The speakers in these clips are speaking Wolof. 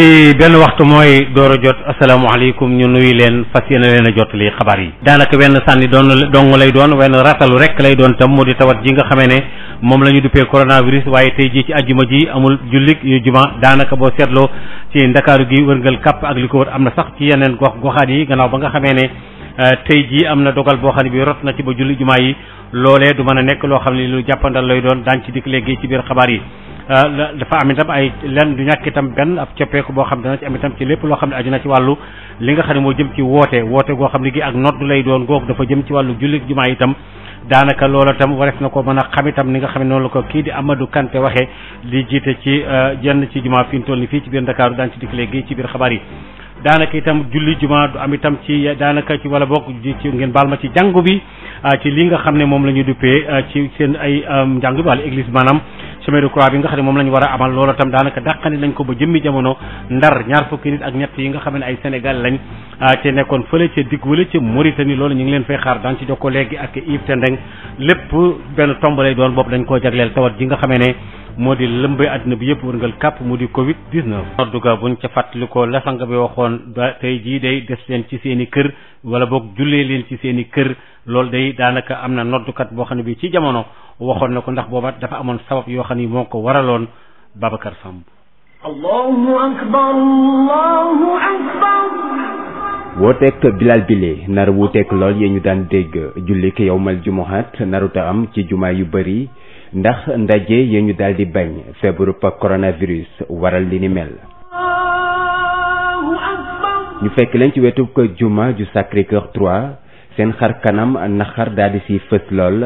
ci benn waxtu mooy door a jot asalaamaaleykum ñu nuyu leen fas yéene leen a jot li xabaar yi daanaka wenn sànni doon dong lay doon wenn ratalu rek lay doon tam moo di tawat ji nga xame ne moom la ñu duppee coronavirus waaye tey jii ci ajjuma ji amul julli yu juma daanaka boo seetloo ci ndakaaru gi wërngël kàpp ak li am na sax ci yeneen gox goxaat yi gannaaw ba nga xamee ne euh, tey jii am na dogal boo xam ne bi rot na ci ba julli jumaa yi loolee du mën a nekk loo xam ne lu jàppandal lay doon daañ ci dikk ci biir xabaar yi Euh, dafa am itam ay lenn du ñàkk itam benn ab coppeeku boo xam ne dana ci am itam ci lépp loo xam ne aju na ci wàllu li nga xam ne moo jëm ci woote woote goo xam ne gi ak nodd lay doon googu dafa jëm ci wàllu jullit jumaa itam daanaka loola tam wareef na ko mën a xam itam ni nga xam ne noonu la ko kii di Amadou Kanté waxee di jiite ci euh, jenn ci jumaa fi ñu toll ni fii ci biir Ndakaaru daan ci dikk léegi ci biir xabaar yi daanaka itam julli juma du am itam ci daanaka ci wala bokk ci ngeen baal ma ci jàngu bi euh, ci li nga xam ne moom la ñu duppee ci seen ay njàngu bi wala église maanaam semaine de croix bi nga xam ne moom la war a amal loolu tam daanaka dàqani nañ ko ba jëmmi jamono ndar ñaar fukki nit ak ñett yi nga xam ne ay Sénégal lañ ah, ci nekkoon fële ca digg wala ca Mauritanie loolu ñu ngi leen fay xaar daan ci jokkoo léegi ak Yves Tendeng lépp benn tomb doon boobu dañ koo jagleel tawat ji nga xam ne moo di lëmbay àddina bi yëpp wërngal kàpp mu di covid 19 nodduga buñ ca fàttalikoo la sang bi waxoon da tey jii day des leen ci seeni kër wala boog jullee leen ci seen i kër loolu dey daanaka am na noddukat boo xam ne bi ci jamono waxoon na ko ndax booba dafa amoon sabab yoo xam ne moo ko waraloon Babacar Samb allahu akbar allahu akbar wooteek bilal bile nar wuuteek lool yi ñu daan dégg yow yowmal jumaat naruta am ci jumaa yu bari ndax ndaje ya ñu daal di bañ feebaru coronavirus waral li ni mel. ñu fekk leen ci wetu juma ju Sacré Cœur 3 seen xar kanam naxar daal di si fës lool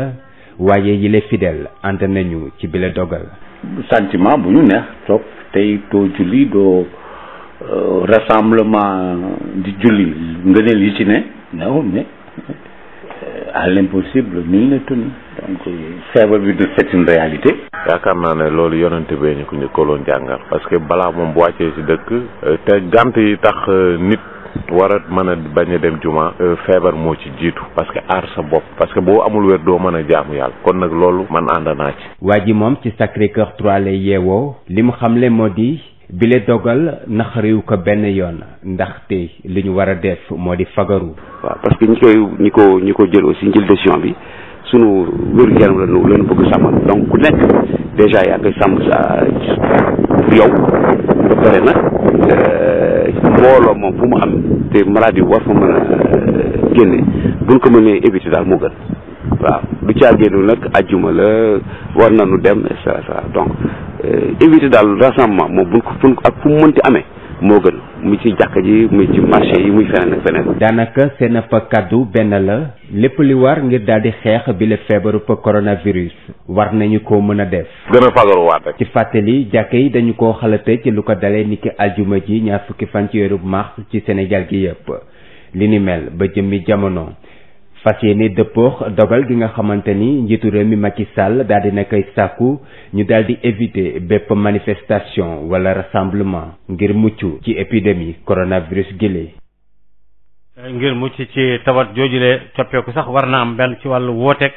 waaye yile fidèle ànd nañu ci bile dogal. sentiment bu ñu neex toog tey doo julli doo euh, rassemblement di julli ngëneel yi ci ne. ne à l'impossible nul n'est tenu donc feebar bi du c'est une réalité. yaakaar naa ne loolu yonent bee ñu ko njëkkaloon jàngal parce que balaa moom bu wàccee ci dëkk euh, te gànt yi tax euh, nit. war a mën a bañ a dem juma euh, feebar moo ci jiitu parce que aar sa bopp parce que boo amul wér doo mën a jaamu yàlla kon nag loolu man ànd naa ci waa ji moom ci Sacré Cœur 3 lay yeewoo li mu xamle moo di bile dogal naqariwu ko benn yoon ndaxte li ñu war a def moo di fagaru. waaw parce que ñi koy ñi ko ñi ko jël aussi jël bi suñu wér yaram la ñu la bëgg sàmmal donc ku nekk dèjà yaa ngi koy sàmm pour yow euh, mbooloo moom fu mu am te maladie war fa mën a euh, génne buñ ko mënee éviter daal moo gën waaw du caa génnul nag ajjuma la war na nañu dem et cetera donc. Euh, éviter daal rassemblement moom buñ ko ak fu mu mënti amee moo gën mu ci jàkka ji mu ci marché yi muy feneen ak feneen. daanaka seen fa kàddu benn la lépp li war ngir daal di xeex bi la feebaru coronavirus war nañu ko mën a def. gën a fagaruwaat rek. fàttali jàkka yi dañu ko xalate ci lu ko dalee niki aljuma ji ñaar fukki fan ci weeru mars ci Sénégal gi yëpp li ni mel ba jëmmi jamono. fas yéene dëppoox dogal gi nga xamante ni njiitu réew mi Macky Sall daal di nekk koy sàkku ñu daal di éviter bépp manifestation wala rassemblement ngir mucc ci épidémie coronavirus gile euh, ngir mucc ci tawat joojule coppeeku sax war na am benn ci wàllu wooteeg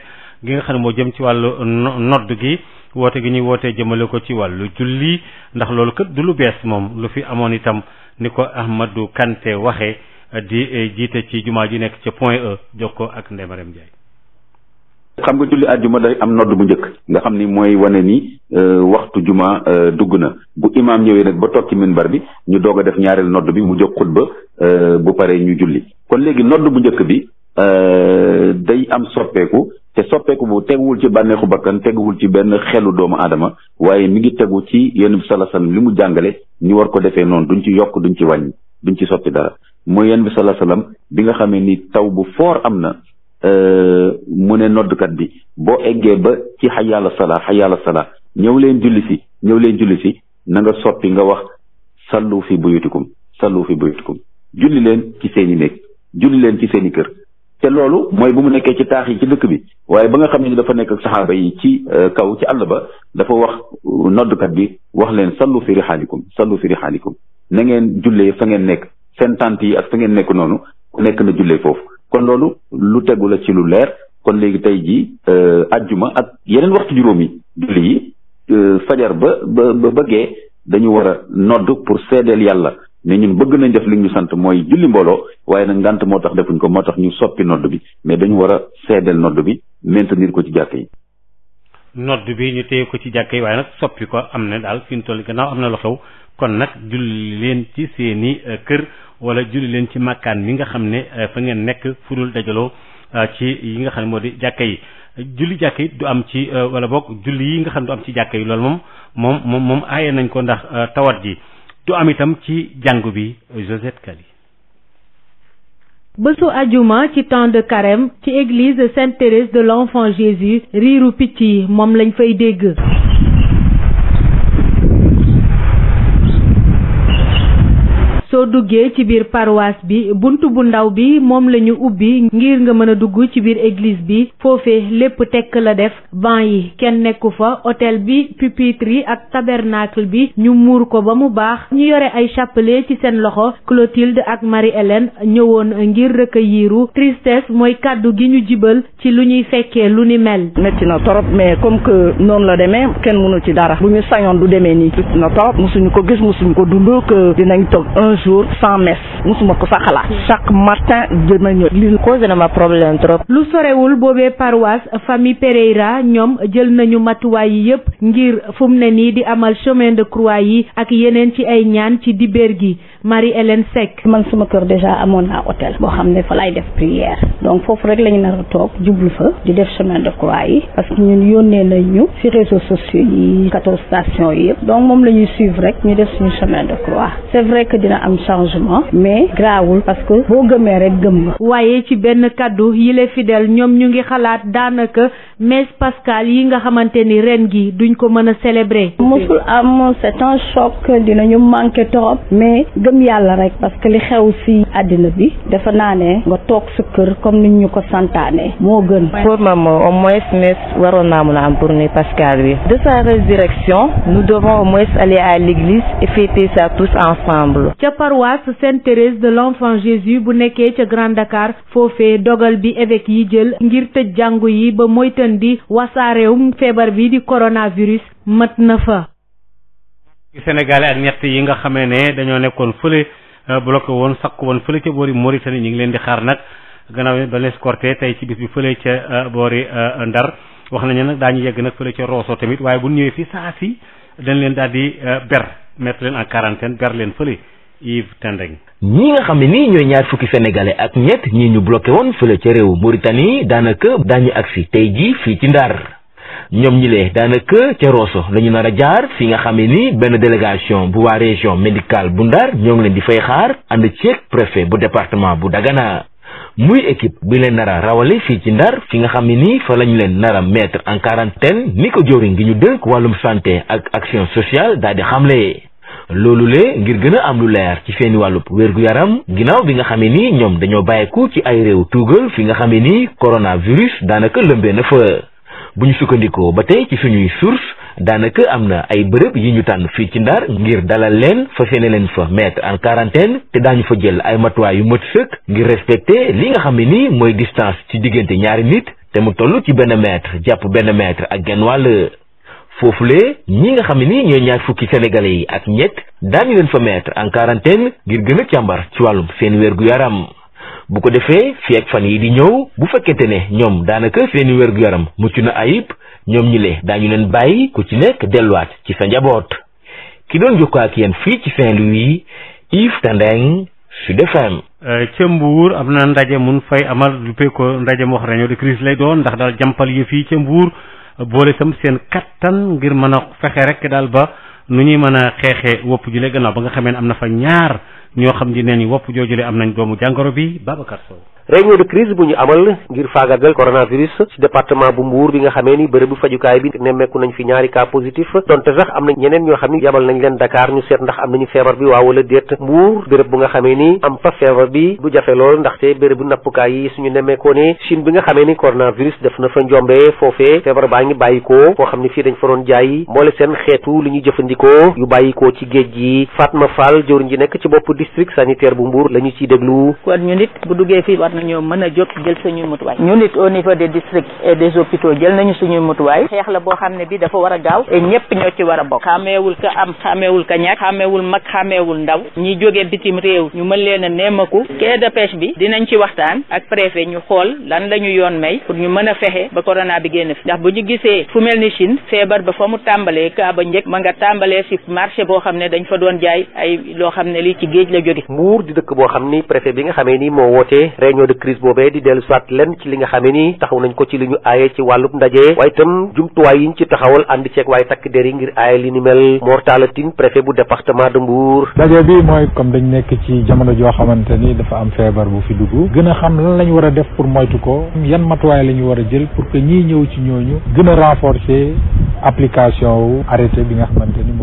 gi nga xam ne moo jëm ci wàllu nodd gi woote gi ñuy wootee jëmale ko ci wàllu julli ndax loolu kat du lu bees moom lu fi amoon itam ni ko Ahmadou Kanté waxee di eh, jiite ci jumaa ji nekk ca point e, jox ko ak Ndeye Mariam Ndiaye. xam nga julli ma day am nodd bu njëkk nga xam ni mooy wane ni eh, waxtu juma eh, dugg na bu imaam ñëwee nag ba toog ci minbar bi ñu doog a def ñaareel nodd bi mu jóg xutba bu paree ñu julli kon léegi nodd bu njëkk bi day am soppeeku te soppeeku bu teguwul ci bànneexu bakkan teguwul ci benn xelu doomu aadama waaye mu ngi tegu ci yonent bi sallallahu alayhi wasallam li mu jàngale ñu war ko defee noonu duñ ci yokk duñ ci wàññi duñ ci soppi dara mooy yan bi salaa salaam bi nga xamee ni taw bu foor am na euh, mu ne noddkat bi boo eggee ba ci xay yàlla salaa xay yàlla salaa ñëw leen julli si ñëw leen julli si na nga soppi nga wax sallu fi buyutikum sallu fi buyutikum julli leen ci seeni néeg julli leen ci seeni kër te loolu mooy bu mu nekkee ci taax yi ci dëkk bi waaye ba nga xam ne dafa nekk ak saxaaba yi ci euh, kaw ci àll ba dafa wax euh, noddkat bi wax leen sallu fi rixaalikum sallu fi rixaalikum na ngeen jullee fa ngeen nekk seen tànt yi ak fa ngeen nekk noonu ku nekk na jullee foofu kon loolu lu tegu ci lu leer kon léegi tey jii euh, ajjuma ak yeneen waxtu juróomi julli yi euh, fajar ba ba ba bëggee dañu war a nodd pour seedeel yàlla ne ñun bëgg nañ def li ñu sant mooy julli mbooloo waaye nag ngànt moo tax defuñ ko moo tax ñu soppi nodd bi mais dañu war a seedeel nodd bi maintenir ko ci jàkk yi nodd bi ñu téye ko ci jàkk yi waaye nag soppi ko am na daal fi ñu toll gannaaw am na lu xew euh, kër wala julli leen ci màkkaan mi nga xam ne euh, fa ngeen nekk fudul dajaloo euh, ci yi nga xam ne moo di jàkka yi julli jàkka yi du am ci euh, wala bokk julli yi nga xam ne du am ci jàkka yi loolu moom moom moom moom aaye nañ ko ndax tawat ji du am itam ci jàngu bi Josette Kali bésu ajuma ci temps de carême ci église Sainte Thérèse de l'Enfant Jésus riiru picc yi moom lañ fay dégg soo duggee ci biir paroisse bi bunt bu ndaw bi moom la ñu ubbi ngir nga mën a dugg ci biir église bi foofee lépp tekk la def banc yi kenn nekku fa hôtel bi pupitre yi ak tabernacle bi ñu muur ko ba mu baax ñu yore ay chapelet ci seen loxo Clotilde ak Marie-Hélène ñëwoon ngir recueilliru tristesse mooy kàddu gi ñu jibal ci lu ñuy fekkee lu ni mel. métti na torop mais comme que noonu la demee kenn mënu ci dara bu ñu sañoon du demee nii. métti na torop mosuñu ko gis ko dund que jour sans messe musuma ko sax xalaat chaque matin dina ñëw li causé na ma problème trop lu sorewul boobee paroisse famille Pereira ñoom jël nañu matuwaay yi yëpp ngir fu mu ne nii di amal chemin de croix yi ak yeneen ci ay ñaan ci dibéer gi Marie Hélène Seck man suma kër déjà amoon naa hôtel moo xam ne fa lay def prière donc foofu rek lañu nar a toog jublu fa di def chemin de croix yi parce que ñun yónnee nañu ci réseaux sociaux yi quatorze stations yi yëpp donc moom la ñuy suivre rek ñu def am changement mais grawul parce que boo gëmee rek gëm nga waaye ci benn kaddu yile fidèle ñoom ñu ngi xalaat daanaka messe pascale yi nga xamante ni ren gi duñ ko mën a célébrer. mosul am c'est un choc dinañu manqué trop mais gëm yàlla rek parce que li xew si àddina bi dafa naa ne nga toog sa kër comme ni ñu ko santaane moo gën. pour moom au moins messe waroon naa mën a am pour ni pascale bi. de sa résurrection nous devons au aller à l'église et fêter ça tous ensemble. ca paroisse Sainte Thérèse de l'Enfant Jésus bu nekkee ca Grand Dakar foofee dogal bi évêque yi jël ngir tëj jàngu andi wasaarewum feebar bi di coronavirus mat na fa. Sénégal ak ñett yi nga xamee ne dañoo nekkoon fële euh, bloqué woon sakku woon fële ca boori Mauritanie ñu ngi leen di xaar nag gannaaw ba l'escorté tey ci bis bi fële ca euh, boori euh, Ndar wax nañu nag ñu yegg nag fële ca Rosso tamit waaye bu ñëwee fi saa si dañ leen daal di ber mettre en quarantaine ber leen fële. Yves ñi nga xam ne nii ñooy ñaar fukki sénégalais ak ñett ñii ñu bloqué woon fële ca réew Mauritanie daanaka daañu agsi tey jii fii ci Ndar ñoom ñi lee daanaka ca Rosso la ñu nar a jaar fi nga xam ne nii benn délégation bu waa région médical bu Ndar ñoo ngi leen di fay xaar ànd ceeg préfet bu département bu Dagana muy équipe bi leen nar a rawale fii ci Ndar fi nga xam ne nii fa la leen nara a en quarantaine ni ko jëwriñ ñu dënk wàllum santé ak action sociale daal di xamle. loolu le ngir gën a am lu leer ci seeni wàllub wér-gu-yaram ginnaaw bi nga xamee ni ñoom dañoo bàyyeeku ci ay réew tugal fi nga xamee ni coronavirus daanaka lëmbee na fa bu ñu sukkandikoo ba tey ci suñuy source daanaka am na ay bërëb yi ñu tànn fii ci ndar ngir dalal leen fa seene leen fa mettre en quarantaine te daañu fa jël ay matuwaay yu mat sëkk ngir respecter li nga xam ne ni mooy distance ci diggante ñaari nit te mu toll ci benn mètre jàpp benn mètre ak genn wàll foofu foofule ñi nga xam ne ni ñooy ñaar fukki sénégalais yi ak ñett daañu leen fa mettre en quarantaine ngir gën a càmbar ci wàllum seen wér-gu-yaram bu ko defee fii ak fan yi di ñëw bu fekkente ne ñoom daanaka seen wér-gu-yaram mucc na ayib ñoom ñi le daañu leen bàyyi ku ci nekk delluwaat ci sa njaboot ki doon jokkoo ak yéen fii ci Saint-Louis Yves Tandeng Sud FM euh, ca Mbuur am na ndaje mun fay amal duppee ko ndaje moo xam ne ñoo de crise lay doon ndax daal jàmpal yi fii ca Mbuur boole itam seen kattan ngir mën a fexe rek daal ba nu ñuy mën a xeexee wopp jule gannaaw ba nga xamee ne am na fa ñaar ñoo xam ne ne ni wopp joojule am nañ doomu jàngoro bi Babacar Sow réunion de crise bu ñu amal ngir faagagal coronavirus ci département bu Mbour bi nga xamee ni bërëbu fajukaay bi nemmeeku nañ fi ñaari cas positif donte sax am na ñeneen ñoo xam ni yabal nañ leen Dakar ñu seet ndax am nañu feebar bi waaw wala déet Mbour bërëb bu nga xamee ni am fa feebar bi bu jafe lool ndaxte bërëbu nappukaay yi suñu nemmeekoo ne Chine bi nga xamee ni coronavirus def na fa njombee foofee feebar baa ngi bàyyikoo foo xam ne fii dañ fa doon jaay mboole seen xeetu li ñuy jëfandikoo yu bàyyikoo ci géej gi Fatma Fall jëwriñ ji nekk ci bopp district sanitaire bu Mbour la ciy déglu nañoo mën a jot jël suñuy mutuwaay ñu nit au niveau et des hôpitaux jël nañu suñuy mutuwaay xeex la boo xam ne bi dafa war a gaaw et ñëpp ñoo ci war a bokk xàmmeewul ka am xàmmeewul ka ñàkk xàmmeewul mag xàmmeewul ndaw ñi jógee bitim réew ñu mën leen a neemaku quai bi dinañ ci waxtaan ak préfet ñu xool lan la ñu yoon may pour ñu mën a fexe ba corona bi génn fi ndax bu ñu gisee fu mel ni Chine feebar ba fa mu tàmbalee kaa ba njëkk ma nga tàmbalee si marché boo xam ne dañ fa doon jaay ay loo xam ne de crise boobee di dellu soit lenn ci li nga xamee ni taxaw nañ ko ci li ñu aaye ci wàllub ndaje waaye itam jumtuwaay yi ñu ci taxawal ànd ceeg waaye takk der yi ngir aaye li ni mel mortalatin préfet bu département de Mbour ndaje bi mooy comme dañ nekk ci jamono joo xamante ni dafa am feebar bu fi dugg gën a xam lan lañ war a def pour moytu ko yan matuwaay la ñu war a jël pour que ñii ñëw ci ñooñu gën a renforcer application wu arrêté bi nga xamante ni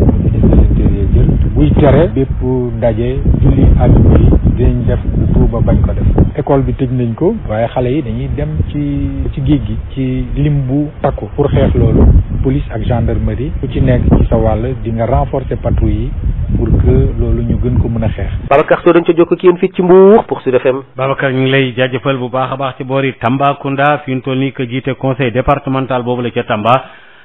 buy tere bépp ndaje julli àjjuma yi dinañ def lu tuuba bañ ko def ecole bi tëj nañ ko waaye xale yi dañuy dem ci ci géej gi ci lim bu takku pour xeex loolu police ak gendarmerie ku ci nekk ci sa wàll di nga renforcer patrouille yi pour que loolu ñu gën ko mën a xeex. Babacar soo dañ ca jokk ki yéen fii ci Mbour pour Sud FM. Babacar ñu ngi lay jaajëfal bu baax a baax ci boori Tambacounda fi ñu toll nii que jiite conseil départemental boobu la ca Tamba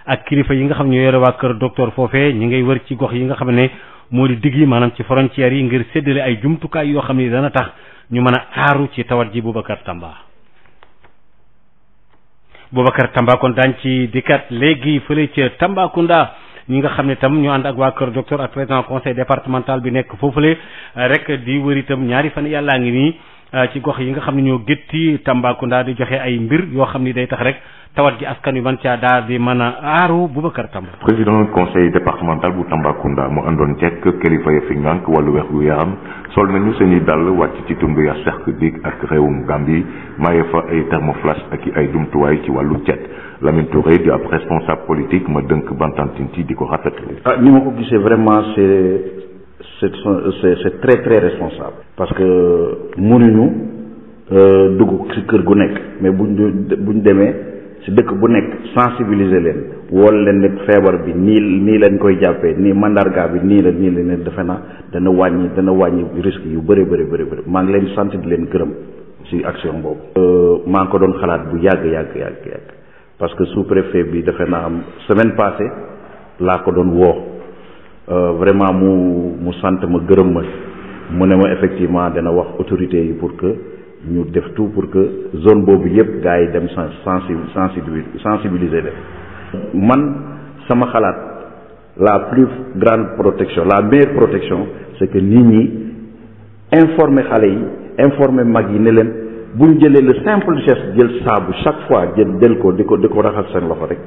ak kilifa yi nga xam ne ñoo yore waa kër docteur foofe ñi ngay wër ci gox yi nga xam ne. moo di digg yi maanaam ci frontières yi ngir séddale ay jumtukaay yoo xam ni dana tax ñu mën a aaru ci tawat ji Boubacar Tamba Boubacar Tamba kon daañ ci dikkat léegi fële ca Tambacounda ñi nga xam ne tam ñu ànd ak waa kër docteur ak président conseil départemental bi nekk foofu foofule rek di wër itam ñaari fan yàllaa ngi nii ci gox yi nga xam ne ñoo gétti Tambacounda di joxe ay mbir yoo xam ni day tax rek tawat gi askan wi mën caa daal di a aaru Boubacar Tamba. président conseil départemental bu Tambacounda mu àndoon ceek kilifa ya fi ngànk wàllu weex gu yaram sol nañu seen i dàll wàcc ci tund ya sax dig ak réewum Gambie maye fa ay thermoflash ak i ay jumtuwaay ci wàllu cet Lamine Touré di ab responsable politique ma dënk Bantantinti di ko rafetlu. ah ni ma ko gisee vraiment c'est c'est c'est très très responsable. parce que mu mënuñu euh, dugg ci kër gu nekk mais buñ buñ demee. si dëkk bu nekk sensibiliser leen wool leen ne feebar bi nii nii lañ koy jàppee nii mandarga bi nii la nii leen ne defe na dana wàññi dana wàññi risque yu bëri bëri bëri bëri maa ngi leen sant di leen gërëm si action boobu. Euh, maa ngi ko doon xalaat bu yàgg yàgg yàgg yàgg parce que sous préfet bi defe naa am semaine passée laa ko doon woo euh, vraiment mu mu sant ma gërëm ma mu ne ma effectivement dana wax autorité yi pour que. ñu def tout pour que zone boobu yëpp gars yi dem sensi sensibiliser leen man sama xalaat la plus grande protection la meilleure protection c'est que nit ñi informer xale yi informer mag yi ne leen bu ñu jëlee le simple geste jël saabu chaque fois jël del ko di ko di ko raxas seen loxo rek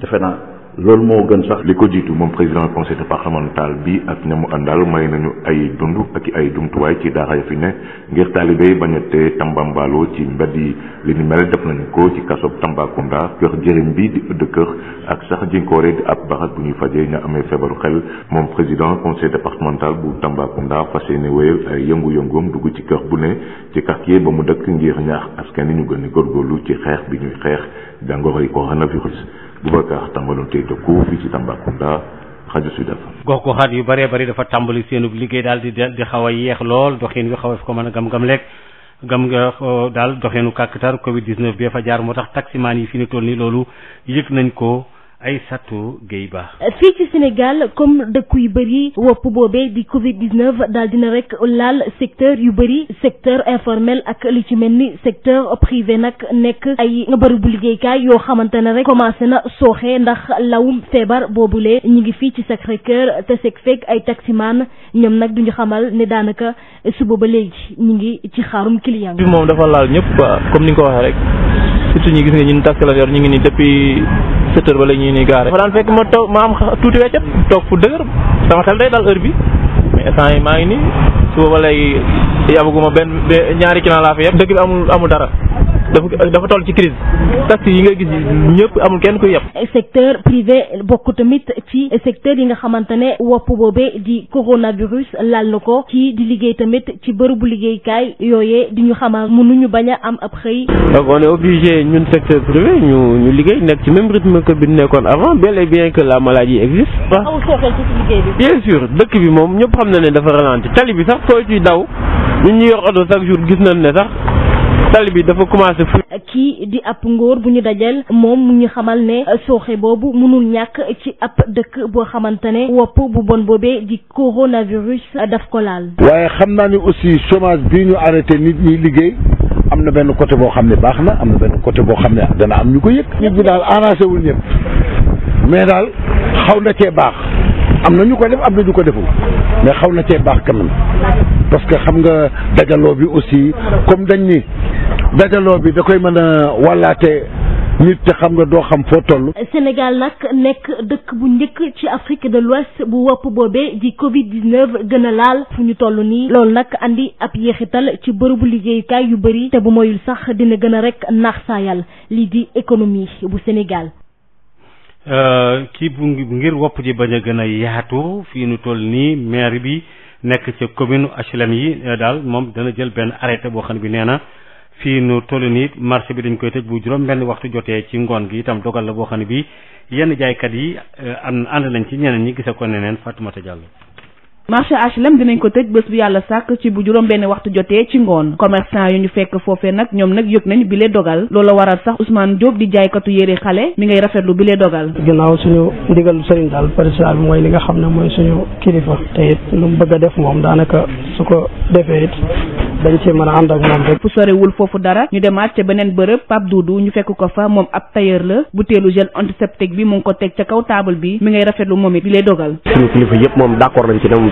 defe naa loolu moo gën sax li ko jiitu moom président conseil départemental bi ak ñamu àndal may nañu ay dund ak ay jumtuwaay ci daara yi fi ne ngir taalibe yi bañ a tee tambambaaloo ci mbedd yi li ni mel def nañu ko ci kasob Tambacounda kër jëriñ bi di ëdd kër ak sax jinkoore di ab barab bu ñuy fajee ña amee feebaru xel moom président conseil départemental bu Tambacounda fas yéene wéyal ay yëngu-yëngoom dugg ci kër bu ne ci quartier ba mu dëkk ngir ñaax askan yi ñu gën a góorgóorlu ci xeex bi ñuy xeex jàngoro yi coronavirus Boubacar tàmbaloon tey dëkku fii ci Tambacounda rajo Sud FM gox-goxaat yu bëree bëri dafa tàmbali seenub liggéey daal di di xaw a yeex lool doxin wi xaw a ko mën a gam-gam lekk gam nga daal doxinu kàkkatar Covid 19 bee fa jaar moo tax taximaan yi fi ni toll nii loolu yëg nañ ko. Aïssatou Gueye Ba eh, fii ci Sénégal comme dëkku yu bëri wopp boobee di Covid 19 daal na rek laal secteur yu bëri secteur informel ak li ci mel ni secteur privé nag nekk ay nga bëri bu liggéeykaay yoo xamante ne rek commencé na sooxee ndax lawum feebar boobu boobulee ñu ngi fii ci Sacré-Cœur te sek fekk ay taximaan ñoom nag duñu xamal ne daanaka suba ba léegi ñu ngi ci xaarum client bi moom dafa laal ñëpp comme ni nga waxee rek surtout ñi gis nga ñun taxi la yor ñu ngi ni depuis sept ba léegi nii gaare fa daan fekk ma toog ma am tuuti weccet toog fu dëgër sama xel day dal heure bi mais instant yi maa ngi nii suba ba léegi yabaguma benn ñaari client laa fi yëpp dëkk bi amul amul dara dafa dafa toll ci crise taxi yi nga gis ñëpp amul kenn ku yeb. secteur privé bokk tamit ci secteur yi nga xamante ne wopp boobee di coronavirus laal na ko ci di liggéey tamit ci bërëbu liggéeykaay yooyee di ñu nu ñu bañ a am ab xëy. donc on est obligé ñun secteur privé ñu ñu liggéey nekk ci même rythme que nekkoon avant bel et bien que la maladie existe. waaw bien sûr dëkk bi moom ñëpp xam na ne dafa ralenti tali bi sax soo ciy daw ñun ñu yor oto chaque jour gis nañ ne sax. tali bi dafa commencé fu kii di ab ngóor bu ñu dajal moom mu ñu xamal ne sooxe boobu mënul ñàkk ci ab dëkk boo xamante ne wopp bu bon boobee di coronavirus daf ko laal. waaye xam naa ni aussi chômage bii ñu arrêté nit ñi liggéey am na benn côté boo xam ne baax na am na benn côté boo xam ne dana am ñu ko yëg. nit ñi daal arrangé wul ñëpp mais daal xaw na cee baax am na ñu ko def am na ñu ko deful mais xaw na cee baax quand même xam nga dajaloo bi aussi comme dañ dajaloo bi da koy mën a wàllaate nit te xam nga doo xam foo toll. Sénégal nag nekk dëkk bu njëkk ci Afrique de l'Ouest bu wopp boobee di Covid 19 gën a laal fu ñu toll nii lool nag indi ab yéexital ci bërëbu liggéeyukaay yu bari te bu moyul sax dina gën a rek naax saayal lii di économie bu Sénégal. Euh, kii bu ngir wopp ji bañ a gën a yaatu fii ñu toll nii maire bi nekk ca commune HLM yi euh, daal moom dana jël benn arrêté boo xam ne bi nee na. fii nu toll nii marché bi dañ koy tëj bu juróom benn waxtu jotee ci ngoon gi itam dogal la boo xam ne bii yenn jaaykat yi euh, am ànd nañ ci ñeneen ñi gise ko neneen Fatoumata Diallo marché HLM dinañ ko tëj bés bu yàlla sàkk ci bu juróom benn waxtu jotee ci ngoon commerçant yu ñu fekk foofee nag ñoom nag yëg nañ bile dogal loola waral sax Ousmane Diop di jaaykatu yére xale mi ngay rafetlu bile dogal ginnaaw suñu ndigalu sëriñ daal président bi mooy li nga xam ne mooy suñu kilifa te it lu mu bëgg a def moom daanaka su ko defee it dañ ci mën a ànd ak moom rek fu sorewul foofu dara ñu demaat ca beneen bërëb Pape Doudou ñu fekk ko fa moom ab tailleur la butéelu gel antiseptique bi mu ngi ko teg ca kaw bi mi ngay rafetlu moom it bile dogal suñu kilifa yëpp moom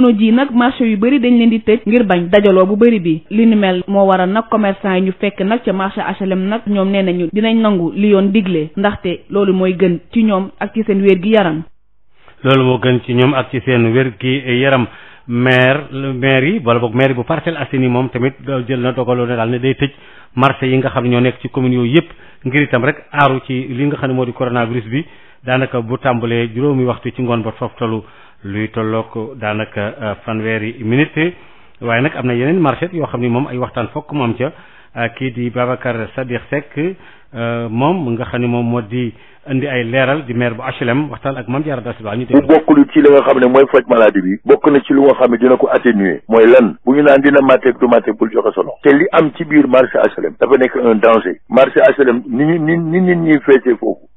jamono ji nag marché yu bëri dañ leen di tëj ngir bañ dajaloo bu bëri bi li ni mel moo waral nag commerçant yi ñu fekk nag ca marché HLM nag ñoom nee ñu dinañ nangu li yoon digle ndaxte loolu mooy gën ci ñoom ak ci seen wér gi yaram loolu moo gën ci ñoom ak ci seen wér gi yaram maire maire yi wala boog maire bu Parcelles Assainies moom tamit jël na dogaloo ne daal ne day tëj marché yi nga xam ne ñoo nekk ci commune yooyu yëpp ngir itam rek aaru ci li nga xam ne moo di coronavirus bi daanaka bu tàmbalee juróomi waxtu ci ngoon ba toftalu luy tolloo tolloog daanaka euh, fanweeri minute waaye nag am na yeneen marché yoo xam ni moom ay waxtaan fokk mu ca euh, kii di Babacar Sadikh Seck euh, moom nga xam ni moom moo di indi ay leeral di maire bu HLM waxtaan ak Mame a Dassila ñu bu bokkul ci li nga xam ne mooy faj maladie bi bokk na ci lu nga xam ne dina ko atténuer mooy lan bu ñu naan dina màtteeg du màtteeg bul joxe sono te li am ci biir marché HLM dafa nekk un danger marché HLM ni ñu ni nit ñuy feesee foofu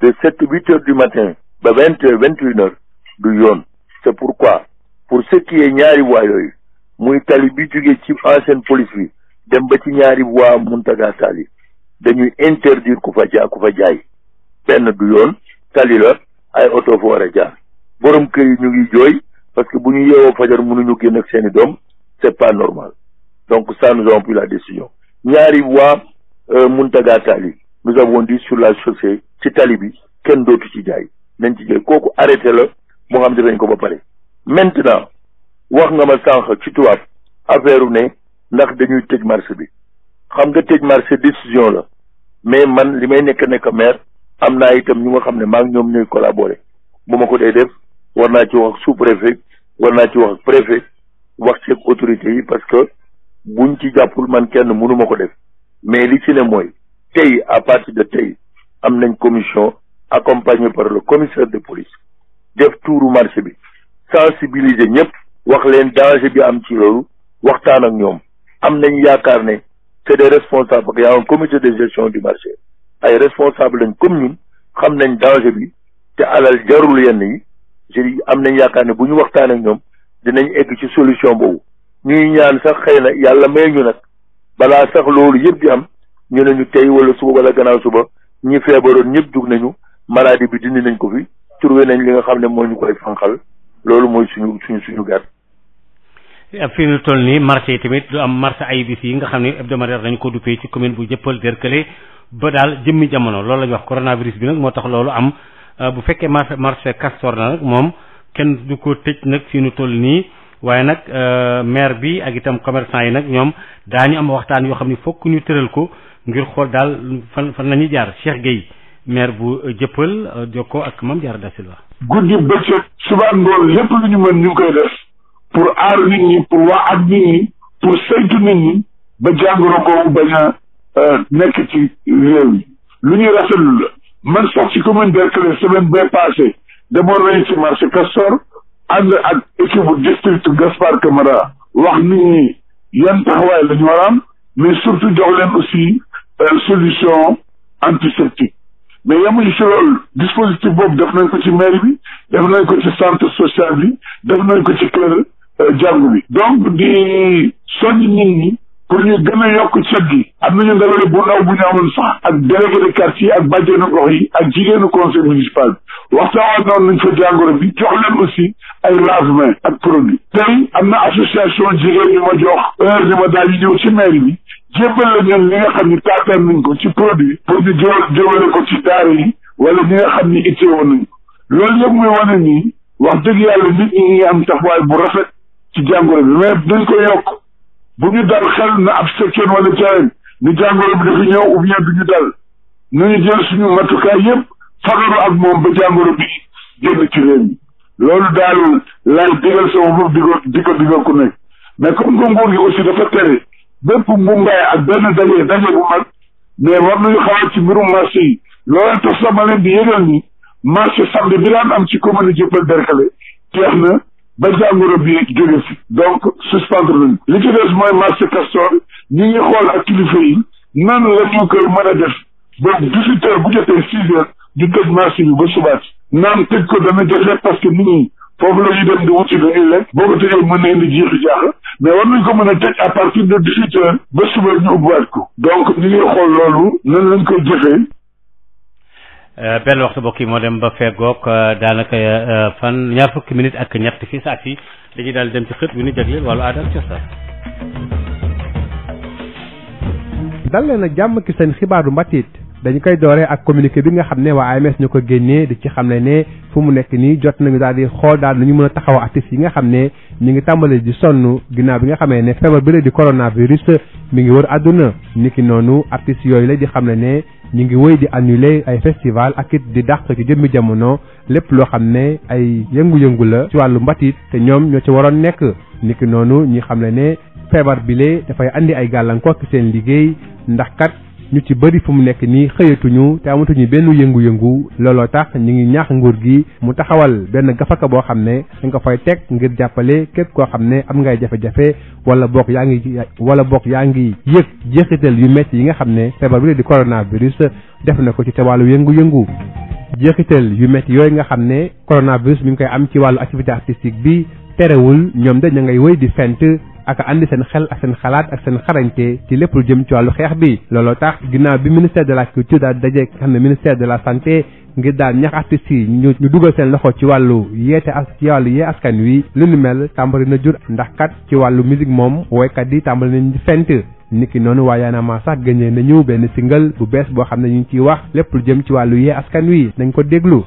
de sept huit heures du matin ba vingt heures vingt une du yoon c'est pourquoi pour ce qui est ñaari voies yooyu muy tali bi jóge ci ancienne police bi dem ba ci ñaari voies Mountaga Sali dañuy interdire ku fa jaa ku fa jaay benn du yoon tali la ay oto fa a jaar borom kër yi ñu ngi jooy parce que bu ñu yeewoo fajar ñu génn ak seeni doom c'est pas normal donc ça nous avons pris la décision ñaari voies euh, Mountaga Sali nous avons dit sur la chaussée ci tali bi kenn dootu ci jaay nañ ci jaay kooku arrêté la moo xam def nañ ko ba pare maintenant wax nga ma sànq ci tubaab affaire ne ndax dañuy tëj marché bi xam nga tëj marché décision la mais man li may nekk nekk maire am naa itam ñu nga xam ne maa ngi ñoom ñooy collaborer bu ma ko dee def war naa ci wax ak sous préfet war naa ci wax ak préfet wax ci ak autorités yi parce que buñ ci jàppul man kenn mënuma ko def mais li ci ne mooy tey à partir de tey am nañ commission accompagnée par le commissaire de police def tuuru marché bi sensibiliser ñëpp wax leen danger bi am ci loolu waxtaan ak ñoom am nañ yaakaar ne c'est des responsables parce qu'il y a un comité de gestion du marché ay responsable lañ comme ñun xam nañ danger bi te alal jarul yenn yi je am nañ yaakaar ne bu ñu waxtaan ak ñoom dinañ egg ci solution boobu ñuy ñaan sax xëy nag yàlla may ñu nag balaa sax loolu yëpp di am ñu ne ñu tey wala suba wala gannaaw suba ñi feebaroon ñëpp jug nañu maladie bi dindi nañ ko fi. trouvé nañ li nga xam ne moo ñu koy fanqal loolu mooy suñu suñu suñu gàtt. Eh, fii ñu toll nii marché yi tamit du am marché ay bis yi nga xam ne hebdomadaire dañu ko duppee ci commune bu jëppal Derklé ba daal jëmmi jamono loolu la ñu wax coronavirus bi nag moo tax loolu am euh, bu fekkee marché marché Castor na nag moom kenn du ko tëj nag fii ñu toll nii waaye nag euh, maire bi ak itam commerçant yi nag ñoom daañu am waxtaan yoo xam ni fokk ñu tëral ko ngir xool daal fan la ñuy jaar Cheikh Gueye. maire bu jëppal jokkoo ak Mame Diarra Da Silva guddi bëccëg suba ngoon lépp lu ñu mën ñu ngi koy def pour aar nit ñi pour waa ak nit ñi pour saytu nit ñi ba jàngoro boobu bañ a euh, nekk ci réew mi lu ñuy rafetlu la man sax ci commune Derklé semaine bee passée demoon nañu ci marché Castor ànd ak équipe bu district Gaspard Camara wax nit ñi yan taxawaay la ñu a am mais surtout jox leen aussi euh, solution antiseptique mais yemuñu si loolu dispositif boobu def nañ ko ci mairie bi def nañ ko ci centre social bi def nañ ko ci kër euh, jàng bi donc di soññ nit ñi pour ñu gën a yokk cet gi am nañu ngelaw bu ndaw bu ñu amoon sax ak délégué de quartier ak bàjjenu gox yi ak jigéenu conseil municipal bi waxtaan woon nañ fa jàngoro bi jox leen aussi ay lave-mains ak produit tey am na association jigéen ñi ma jox heure ni ma daal ñu ñëw ci mairie bi jébbal la ñun li nga xam ni taataan nañ ko ci produit pour ñu jó ko ci daara yi wala ñi nga xam ni ittee woon nañ ko loolu yëpp muy wane nii wax dëgg yàlla nit ñi ngi am taxawaay bu rafet ci jàngoro bi mais dañ ko yokk bu ñu dal xel na ab section wala caen ni jàngoro bi dafa ñëw ou bien du ñu dal nañu jël suñu matukaay yëpp fagaru ak moom ba jàngoro bi génn ci réew mi loolu daal laay digal sama bopp di ko di ko digal ku nekk mais comme que gi aussi dafa tere bépp mbumbaay ak benn daje daje bu mag mais war nañu xalaat ci mbirum marché yi loolee tax sax ma leen di yëgal ni marché samedi bi daan am ci commune Dieuppeul Derklé jeex na ba jàngoro bi jóge fi donc suspendre nañu li ci des mooy marché Castor ñi xool ak yi nan la ñu ko mën a def ba dix-huit heures bu jotee six heures ñu bi ba subaat naan tëj ko dama jafe parce que nit ñi foofu la ñuy dem di wuti lu ñuy lekk boo ko tëjee mën na indi jiixi jaaxa mais war nañ ko mën a tëj à de dix ba suba ñu ubbiwaat ko donc ñu ngi xool loolu nan lañ koy jëfee euh, benn waxtu mbokk yi moo dem ba feggoog euh, daanaka euh, fan ñaar fukki minutes ak ñett fii saa fii dañuy daal dem ci xët wi ñu jagleel wàllu aada ak cosaan dal leen ak jàmm ki seen xibaaru mbatit dañu koy dooree ak communiqué bi nga xam ne waa AMS ñu ko génnee di ci xam ne ne fu mu nekk nii jot nañu daal di xool daal lu ñu mën a taxaw artistes yi nga xam ne ñu ngi tàmbali di sonn ginnaaw bi nga xamee ne feebar bi la di coronavirus mi ngi wër àdduna niki noonu artistes yooyu lay di xam ne ne ñu ngi wëy di annuler ay festival ak it di dàq ci jëmmi jamono lépp loo xam ne ay yëngu-yëngu la ci wàllu mbatit te ñoom ñoo ci waroon nekk niki noonu ñi xam ne ne feebar bi lee dafay andi ay gàllankoor ci ndax ñu ci bëri fu mu nekk nii xëyatuñu te amatuñu benn yëngu-yëngu looloo tax ñu ngi ñax nguur gi mu taxawal benn gafaka boo xam ne dañ ko fay teg ngir jàppale képp koo xam ne am ngay jafe-jafe wala bokk yaa ngi wala bokk yaa ngi yëg jeexital yu metti yi nga xam ne feebar bi di coronavirus def na ko ci te wàllu yëngu-yëngu jeexital yu métti yooyu nga xam ne coronavirus mi ngi koy am ci wàllu activité artistique bi terewul ñoom dañ dañu ngay wéy di fent ak àndi seen xel ak seen xalaat ak seen xarañte ci lépp lu jëm ci wàllu xeex bi looloo tax ginnaaw bi ministère de la culture daal dajee xam ne ministère de la santé ngir daal ñax artistes ñu ñu dugal seen loxo ci wàllu yeete as ci wàllu yee askan wi lu nu mel tàmbali na jur ndax kat ci wàllu musique moom woykat yi tàmbali nañ di fent ki noonu waa Y'en a marre sax gëñee nañu benn single bu bees boo xam ne ñu ngi ciy wax lépp lu jëm ci wàllu yee askan wi nañ ko déglu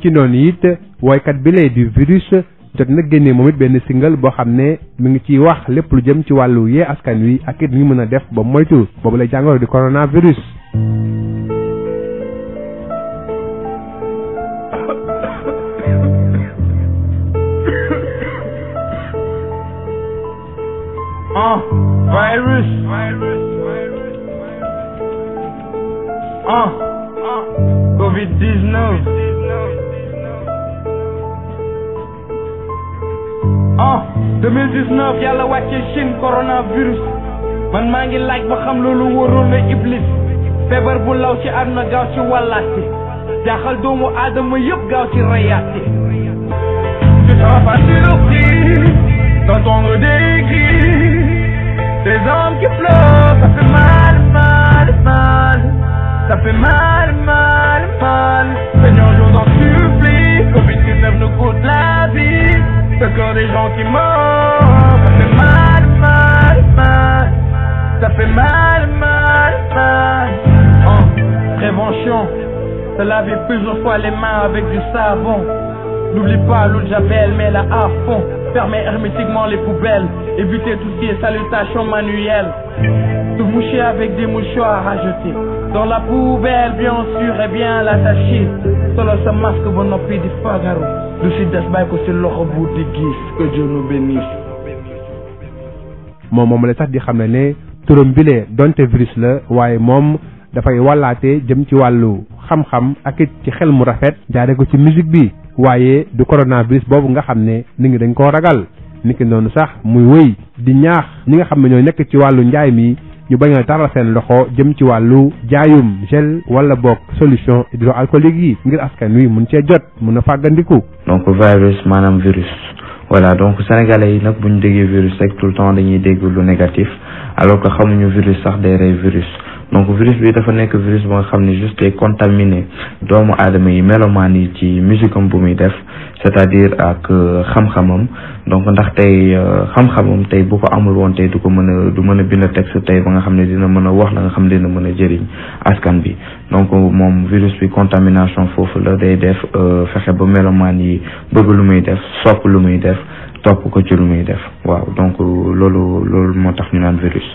ci noonu it bi jot nag génnee moom it benn single boo xam ne mu ngi ciy wax lépp lu jëm ci wàllu yee askan wi ak it ñu mën a def ba moytu boobu lay jàngoro di coronavirus. ah en 2019 yàlla wàccee Chine coronavirus man maa ngi laaj ba xam loolu wóoroon na Iblis feebar bu law ci àdduna gaaw ci wàllaati jaaxal doomu aadama yëpp gaaw ci rayaati. tu seras pas surpris d'entendre des cris des hommes qui pleurent ça fait mal mal mal ça fait mal mal mal. T'as des gens qui mordent. Ça fait mal, mal, mal. Ça fait mal, mal, mal. En oh, prévention, se laver plusieurs fois les mains avec du savon. N'oublie pas l'eau de Javel, mets-la à fond. Fermez hermétiquement les poubelles. Évitez tout ce qui est salutation manuelle. Se moucher avec des mouchoirs à jeter. Dans la poubelle, bien sûr, et bien l'attacher. Solo se masque, bon, non, puis du fagaro. lu ko si moom moom la sax di xam ne ne turam bile donte virus la waaye moom dafay wàllaate jëm ci wàllu xam-xam ak it ci xel mu rafet jaare ko ci musique bi waaye du coronavirus boobu nga xam ne ni ngi dañ koo ragal ki noonu sax muy wëy di ñaax ñi nga xam ne ñooy nekk ci wàllu njaay mi ñu bañ a taral seen loxo jëm ci wàllu jaayum gel wala bokk solution hydroalcoolique yi ngir askan wi mun cee jot mun a fàggandiku. donc virus maanaam virus. voilà donc sénégalais yi nag bu ñu déggee virus rek tout le temps dañuy dégg lu négatif alors que xamuñu virus sax day rey virus donc virus bi dafa nekk virus ba nga xam ne juste day contaminé doomu aadama yi melomaan yi ci musique am bu muy def c'est-à-dire ak euh, xam-xamam donc ndax tey euh, xam-xamam tey bu ko amul woon tey du ko mën a du mën a bind texte tey ba nga xam ne dina mën a wax la nga xam ne dina mën a jëriñ askan bi donc moom virus bi contamination foofu la day def euh, fexe ba melomaan yi bëgg lu muy def sopp lu muy def topp ko ci lu muy def waaw donc loolu loolu moo tax ñu naan virus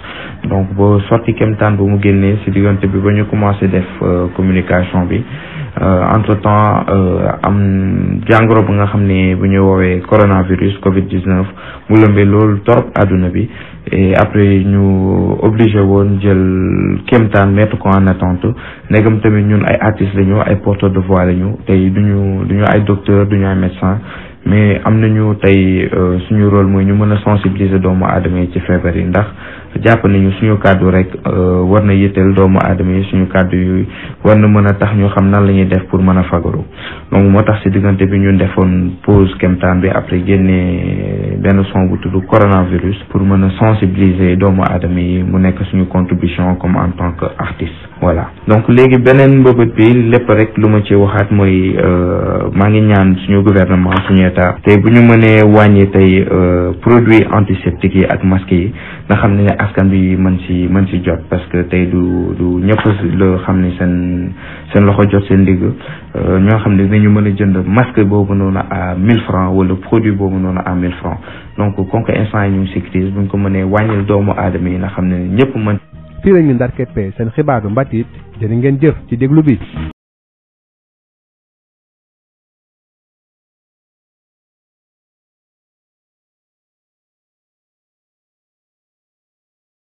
donc boo sorti kemtaan bu mu génnee si diggante bi ba ñu commencé def euh, communication bi euh, entre temps euh, am jàngoro bu nga xam ne bu ñu woowee coronavirus Covid 19 mu lëmbee loolu torop àdduna bi et après ñu obligé woon jël kéemtaan mettre ko en attente ndegam tamit ñun ay artistes lañu ay porteurs de voix lañu tey duñu duñu ay docteurs duñu ay médecins. mais am na ñu tey euh, suñu role mooy ñu mën a sensibiliser doomu adama yi ci feebar yi ndax jàpp nañu suñu kàddu rek euh, war na yitteel doomu aadama yi suñu kàddu yooyu war na mën a tax ñu xam nan la ñuy def pour mën a fagaru donc moo tax si diggante bi ñu defoon pause kemtaan bi après génnee benn son bu tudd coronavirus pour mën a sensibiliser doomu aadama yi mu nekk suñu contribution comme en tant que artiste voilà donc léegi beneen mbëbët bi lépp rek lu ma ci waxaat mooy euh, maa ngi ñaan suñu gouvernement suñu état tey bu ñu mënee wàññi tey euh, produits antiseptiques yi ak masques yi nga xam ne askan bi mën si mën si jot parce que tey du du ñëpp la xam ne seen seen loxo jot seen digg euh, ñoo xam ne dinañu mën a jënd masque boobu noonu à mille francs wala produit boobu noonu à mille francs donc comme que instant yi ñu ngi si bu ñu ko mënee wàññil doomu aadama yi nga xam ne ñëpp mën fii lañu ndar keppee seen xibaaru mbatiit jërë ngeen jëf ci déglu bi